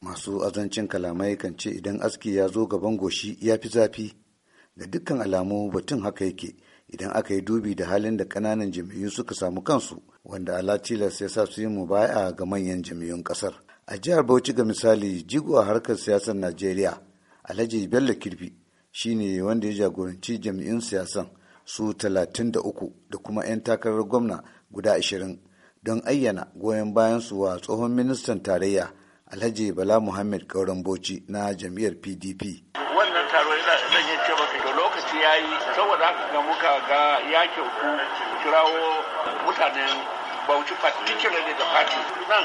masu azancin kalamai kan ce idan aski ya zo gaban goshi ya fi zafi da dukkan alamu batun haka yake idan aka yi dubi da halin da kananan jam'iyyu suka samu kansu wanda alatilas ya sa su yi mubaya ga manyan jam'i'un kasar a jihar bauchi ga misali jigo a harkar siyasar najeriya alhaji bello kirfi shine wanda ya jagoranci jami'un siyasan su talatin da uku da kuma 'yan takarar gwamna guda ashirin don ayyana goyon bayan su wa tsohon ministan tarayya alhaji bala muhammad kauran bauchi na jam'iyyar pdp wannan taro zan yi ce maka da lokaci ya yi saboda haka ga muka ga ya ku kirawo mutanen bauchi particularly da party nan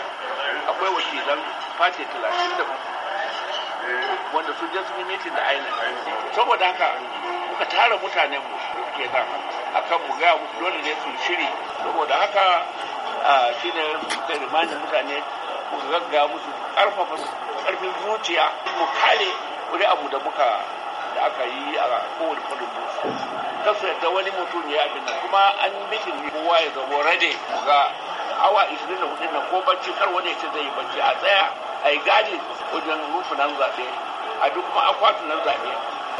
akwai wakilan party talatin da wanda sun je yi meeting da island saboda haka muka tara mutanen mu ke nan akan mu ga dole ne su shiri saboda haka shine ne mutane mu gagga musu karfafa karfin zuciya mu kare wani abu da muka da aka yi a kowane fadin musu kasu yadda wani mutum ya abin nan kuma an bikin kowa ya zama rade ga awa 24 nan ko bacci kar wani ya ce zai yi bacci a tsaya a yi gadi wajen nan zaɓe a duk kuma akwatunan zaɓe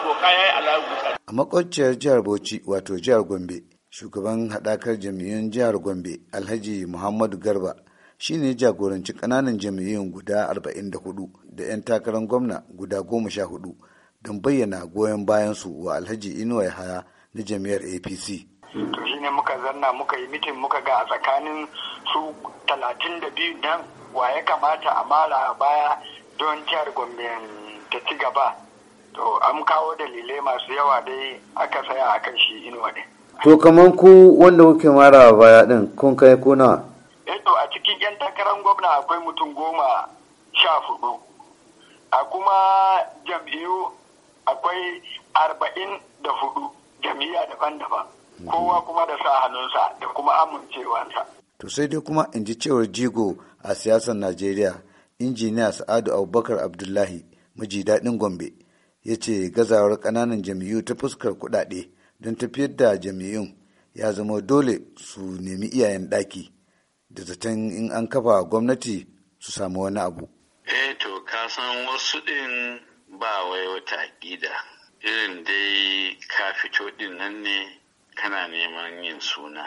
doka ya yi a makwabciyar jihar bauchi wato jihar gombe shugaban haɗakar jami'in jihar gombe alhaji muhammadu garba shine jagoranci kananan jam'iyyun guda 44 da 'yan takarar gwamna guda 14 don bayyana goyon bayansu wa alhaji inuwa haya na Jami'ar apc shine muka zanna muka yi mitin muka ga a tsakanin su 32 nan wa ya kamata a mara baya don jihar gombe ta ci gaba to an kawo dalilai masu yawa dai aka saya a kan shi inuwa ne to kamar ku wanda kuke mara baya din kun kai kuna cikin 'yan takarar gwamna akwai mutum goma sha hudu a kuma jam'iyyu akwai arba'in da hudu jam'iyya daban-daban mhm. kowa kuma da sa hannunsa da kuma amincewansa. to sai dai kuma in ji cewar jigo a siyasar najeriya injiniya sa'adu abubakar abdullahi maji daɗin gombe ya ce gazawar ƙananan jam'iyyu ta fuskar kuɗaɗe don tafiyar da jam'iyyun ya zama dole su nemi iyayen ɗaki da zaton in an kafa gwamnati su samu wani abu. Eh to ka san wasu din ba wai wata gida. irin dai ka fito din nan ne kana neman yin suna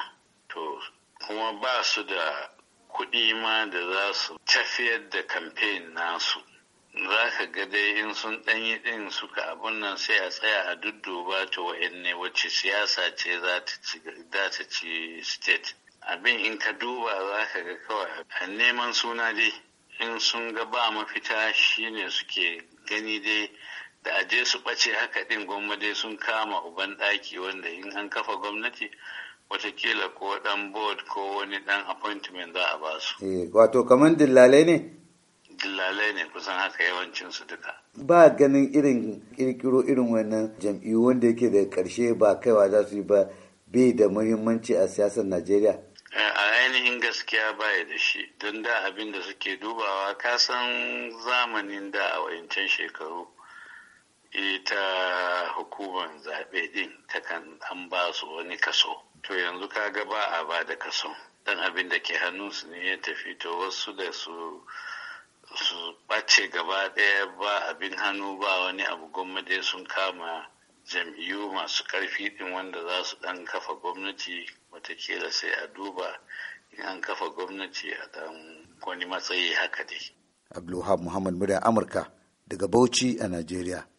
to kuma ba su da kuɗi ma da za su tafiyar da kamfen nasu za ka ga dai in sun ɗanyi ɗin suka abun nan sai a tsaya a dudduba ta wa'in ne wacce siyasa ce za ta ci state abin in ka duba za ka ga kawai neman suna dai in sun ga ba mafita shine suke gani dai da aje su ɓace haka ɗin gwamma dai sun kama uban ɗaki wanda in an kafa gwamnati watakila ko ɗan board ko wani ɗan appointment za a ba su. Eh, wato kamar dillalai ne? Dillalai ne kusan haka yawancin su duka. Ba ganin irin kirkiro irin wannan jam'iyyu wanda yake da karshe ba kaiwa za su yi ba bai da muhimmanci a siyasar Najeriya. a ainihin gaskiya baya da shi don da abin da suke dubawa kasan zamanin da a wayancan shekaru ita hukumar zaɓe ɗin kan an ba su wani kaso to yanzu kaga ba a ba da kaso dan abin da ke hannunsu ne ya tafi to wasu da su su ɓace gaba ɗaya ba abin hannu ba wani abu gwamnati sun kama jam'iyyu masu karfi din wanda za su ɗan kafa gwamnati watakila sai a duba in an kafa gwamnati a dan wani matsayi haka dai. Abdulhab Muhammad Murya Amurka daga Bauchi a Najeriya.